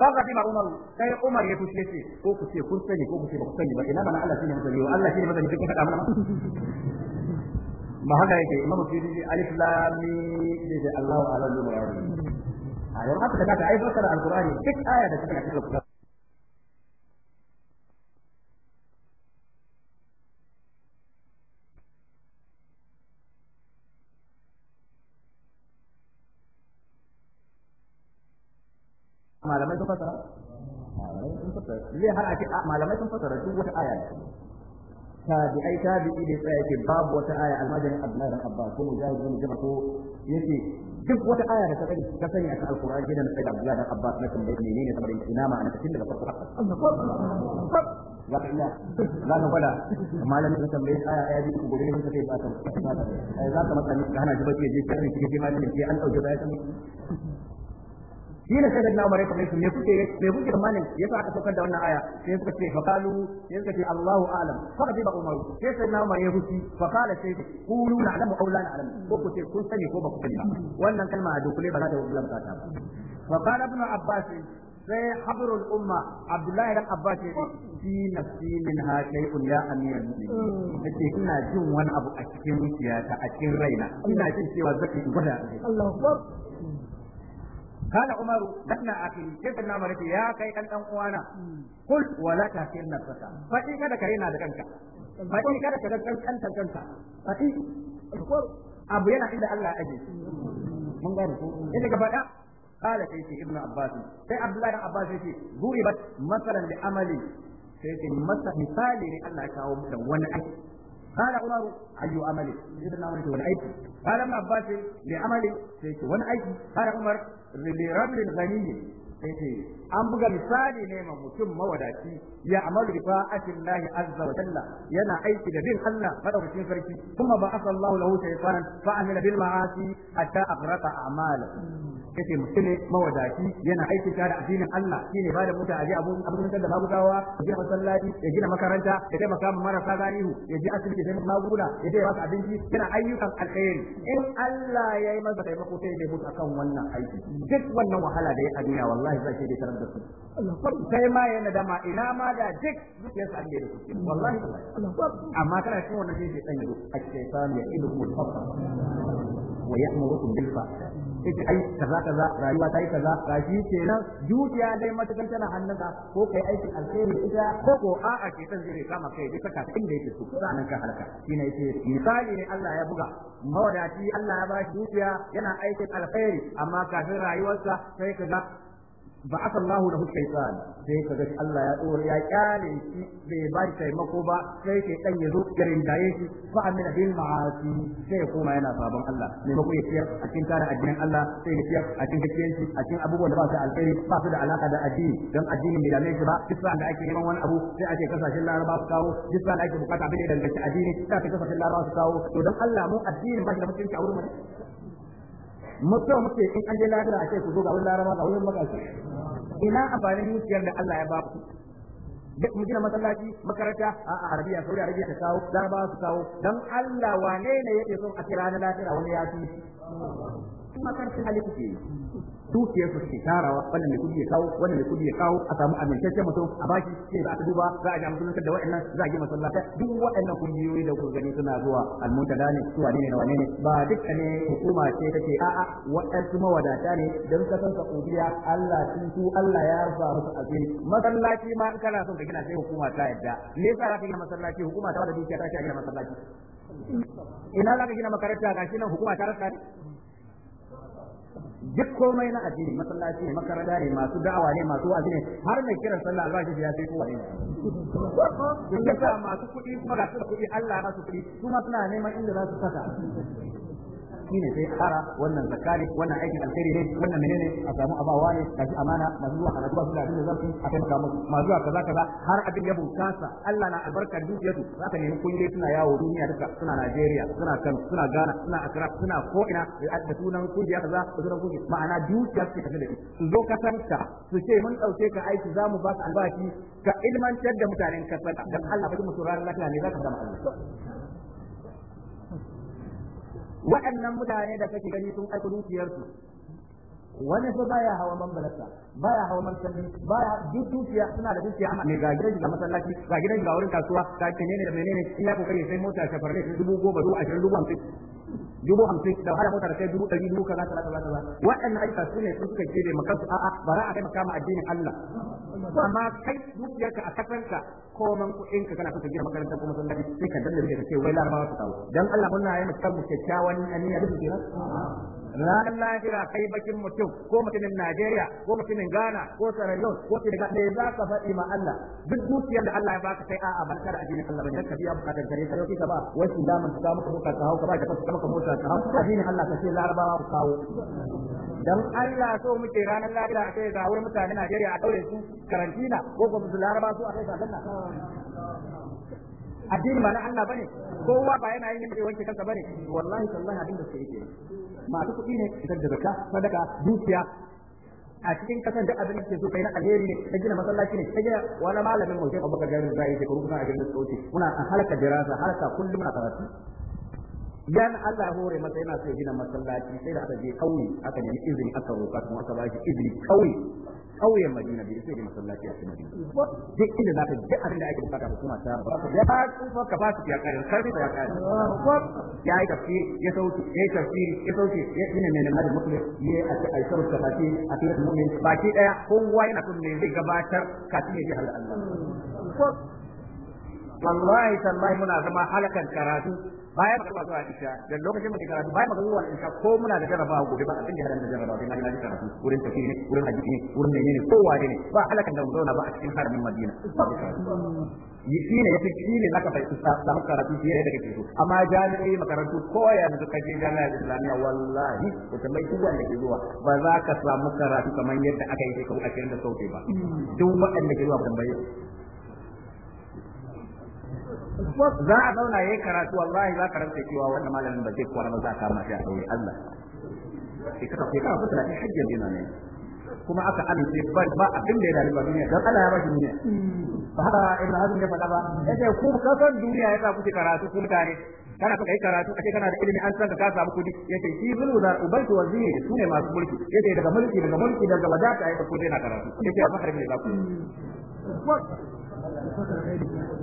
kaga ti Umar sai Umar ya kusce ce ko ku ce kun sani ko ku ce ba ku sani ba ina Allah shine mazani wa Allah shine mazani duk kada mana ba haka yake Imam Tirmidhi alif lam mim ce Allahu a'lamu ya rabbi a yau haka kaga ai fasara al-Qur'ani duk aya da take da malamai sun fasara malamai sun fasara zai har a ce malamai sun fasara duk wata aya tabi'ai tabi'i da tsaya ke babu wata aya almajirin abdullahi da Abba ko mujahid bin jabr ko yake duk wata aya da ta sani ta sani a alqur'ani gidan sai da abdullahi dan abbas na ne menene kamar ina ma ana cikin daga farko ya kalla za ka fada malami da tambaye aya aya bi gobe ne sai ba ta eh, za ka masa ni hana shi bace je karin cikin ne ke an dauke da ya shi ne sai na umar kamar me kuke me kuke tsammanin yasa aka saukar da wannan aya sai suka ce fa qalu sai suka ce Allahu a'lam fa ba sai sai na fa sai qulu na'lamu aw la na'lamu ko ku ce kun sani ko ba ku sani wannan kalma a dukule ba za ta wula ba ta fa ibn abbas sai habrul umma abdullahi abbas fi nafsi min ha shay'un ya mu'minin yace ina jin wani abu a cikin zuciyata a cikin raina ina jin cewa zaka gwada Allahu akbar kana umaru dakna akili sai da namar ya kai ɗanɗan dan uwana kul wala tasir nafsaka fa in kada kai na da kanka fa in kada ka dan kanta kanka fa in abu yana inda Allah aje mun gane faɗa قال سيدي ابن عباس سي عبد الله بن عباس يقول ضربت مثلا لعملي sai ce misali ne Allah ya kawo da wani aiki قال عمر أي عمل سيدنا عمر ولا أيدي قال ابن عباس لعمل سيدنا ولا أيدي قال عمر لرجل غني سيدنا an buga misali ne ma mutum mawadaci ya amal bi atin lahi azza wa jalla yana aiki da bin Allah madaukakin sarki kuma ba asa Allah lahu shaytanan fa amila bil ma'asi hatta agrata a'mala kace mutum ne mawadaci yana aiki da addinin Allah shine ba da mutane aje abu abun da babu gawa ya gina masallaci ya gina makaranta ya kai makamu marasa galihu ya je asibiti da maguna, ya je masa abinci yana ayyukan alkhairi in Allah ya yi masa taimako sai ya mutu akan wannan aiki duk wannan wahala da ya a duniya wallahi zai ce da da su sai ma yana dama ina ma da duk zuciyar sa da su wallahi amma kana cikin wannan dan a ya idu wa bil fahsha ai kaza kaza rayuwa ta yi kaza kenan dukiya dai matakan tana hannunka ko kai aikin alheri ita ko ko a a ke kama kai bisa ka inda yake sanan ka halaka misali ne Allah ya buga mawadaci Allah ya shi zuciya yana aikin alheri amma kafin rayuwarsa sai kaga ba aka Allahu da hukai tsan sai ka ga Allah ya tsoro ya kyale shi bai ba shi taimako ba sai ke dan ya zo garin daye shi fa amina bil ma'asi sai kuma yana sabon Allah ne ko ya tiyar a cikin tare addinin Allah sai ya tiyar a cikin gaskiyanci a cikin abubuwan da ba su alkhairi ba su da alaka da addini dan addini bai dame shi ba duk da ake neman wani abu sai ake kasashen Laraba su kawo duk da ake bukata bai da addini sai ake kasashen Laraba su kawo to dan Allah mu addini ba shi da mutunci a wurin mu mutum mutum in an je lafiya a ce ku zo ga wani laraba ga wani makashi ina amfanin dukiyar da Allah ya ba ku duk mu gina masallaci makaranta a arabiya saudi arabiya ta kawo laraba su kawo dan Allah wane ne yake son a kira na lafiya wani yafi. kuma kan shi hali kuke dukiyar su ke tara wannan mai kudi ya kawo wannan mai kudi ya kawo a samu amintaccen mutum a baki ce ba a duba za a ji musulunta da wa'annan za a yi masallata duk wa'annan kungiyoyi da kuka gani suna zuwa almuntada ne su wane ne na wane ne ba duka ne hukuma ce take a'a wa'ansu mawadata ne don ka san Allah sun su Allah ya rufa musu asiri masallaci ma in kana son ka gina sai hukuma ta yadda me yasa za ka gina masallaci hukuma ta wada dukiya ta ce a gina masallaci ina za ka gina makaranta ga shi nan hukuma ta rasa ne duk komai na addini masallaci ne makaranta ne masu da'awa ne masu wa'azi ne har mai kiran sallah albashi ya sai kowa ne kun masu kuɗi kuma ga su kuɗi Allah ya ba su kuɗi kuma suna neman inda za su saka shine sai tsara wannan zakari wannan aikin alkhairi ne wannan menene a samu abawa ne kaji amana masu zuwa a ba su da za su a taimaka musu masu zuwa kaza kaza har abin ya bunkasa Allah na albarkar dukiyarsu za ka nemi kungiyoyi suna yawo duniya duka suna Najeriya suna Kano suna Ghana suna Accra suna ko ina da sunan kungiya kaza da sunan kungiya ma'ana dukiya suke tafi da shi su zo kasanta su ce mun dauke ka aiki za mu ba ka albashi ka ilmantar da mutanen kasanta da Allah ba mu sauraron lafiya ne za ka zama
Allah
waɗannan mutane da kake gani sun aiki dukiyarsu wani fa baya hawa man balasa baya hawa man sandin baya duk dukiya suna da dukiya amma ga gidan ga masallaci ga gidan ga wurin kasuwa ga menene da menene in ya kokari sai mota ne dubu goma dubu ashirin dubu hamsin dubu hamsin da wahala mota da kai dubu ɗari dubu kaza kaza kaza waɗannan ayyuka su ne suka je da makansu a'a bara a kai makama addinin Allah amma kai dukiyarka a kasanka koman kuɗin ka kana so ka gina makarantar kuma sun sai ka danne da ce wai larabawa su kawo dan Allah mun na yi mutum kyakkyawan aniya da su kenan ranar lahira kai bakin mutum ko mutumin Najeriya ko mutumin Ghana ko Sierra ko Senegal ne za ka faɗi ma Allah duk dukiyar da Allah ya baka sai a'a ban kada addinin Allah bane ka biya bukatar kare ka dauki ka ba wasu da mun ka maka buka ka hau ka ba ka fasa maka mota ka hau addinin Allah ka ce larabawa ku kawo dan Allah so muke ranar lahira a kai ga wurin mutanen Najeriya a daure su karantina ko ko musu laraba su a kai ka ganna
addini ba na Allah bane kowa
ba yana yin yadda wanke kansa bane wallahi tallahi abin da sai yake masu kuɗi ne fitar da zakka sadaka dukiya a cikin kasan da abin da ke so kai na alheri ne ta gina masallaci ne ta gina wani malamin mu sai Abubakar Jami'u zai ce kuma a gina tsoci muna halaka dirasa halaka kullum na karatu yana Allah hore masa yana so gina masallaci sai da aka je kauye aka nemi izini aka roƙa kuma aka ba shi izini kauye kauyen Madina bai sai da masallaci a cikin Madina duk inda zaka ji abin da ake bukata hukuma ta ba ya ba ku ka ba su ya kare sai ya kare ya yi tafsiri ya sauke ya tafsiri ya sauke ya ina ne ne madin mutum ya a ai sabu ta fati a cikin mu'min baki daya kowa yana son ne zai gabatar kafin ya ji Allah wallahi tallahi muna zama halakan karatu bayan maka zuwa isha da lokacin mutum karatu bayan maka zuwa isha ko muna da jarabawa gobe ba abin da haran da jarabawa sai na ji karatu wurin tafsiri ne wurin hadisi ne wurin menene ko wane ne ba halakan da mu zauna ba a cikin haramin Madina shi ne yafi shi ne zaka bai isa samu karatu fiye da kake so amma jami'i makarantu ko yanzu ka je jami'a islamiyya wallahi wata mai duk wanda ke zuwa ba za ka samu karatu kamar yadda aka yi shekaru ashirin da sauke ba duk waɗanda ke zuwa tambayi za a zauna yi karatu wallahi za ka rantsa cewa wannan malamin ba zai kwana ba za ka mashi a daure Allah sai ka tafi ka fita dina ne kuma aka amince ba ba abin da ya dani ba duniya don Allah ya bashi duniya ba haka ibn hazm ya faɗa ba ce ku kasar duniya sa kuke karatu ku mutane kana so kai karatu kace kana da ilimi an san ka samu kudi ce shi zulu da ubaitu waziri sune masu mulki ce daga mulki daga mulki daga wadata yace ku dai na karatu a ba harbi
za ku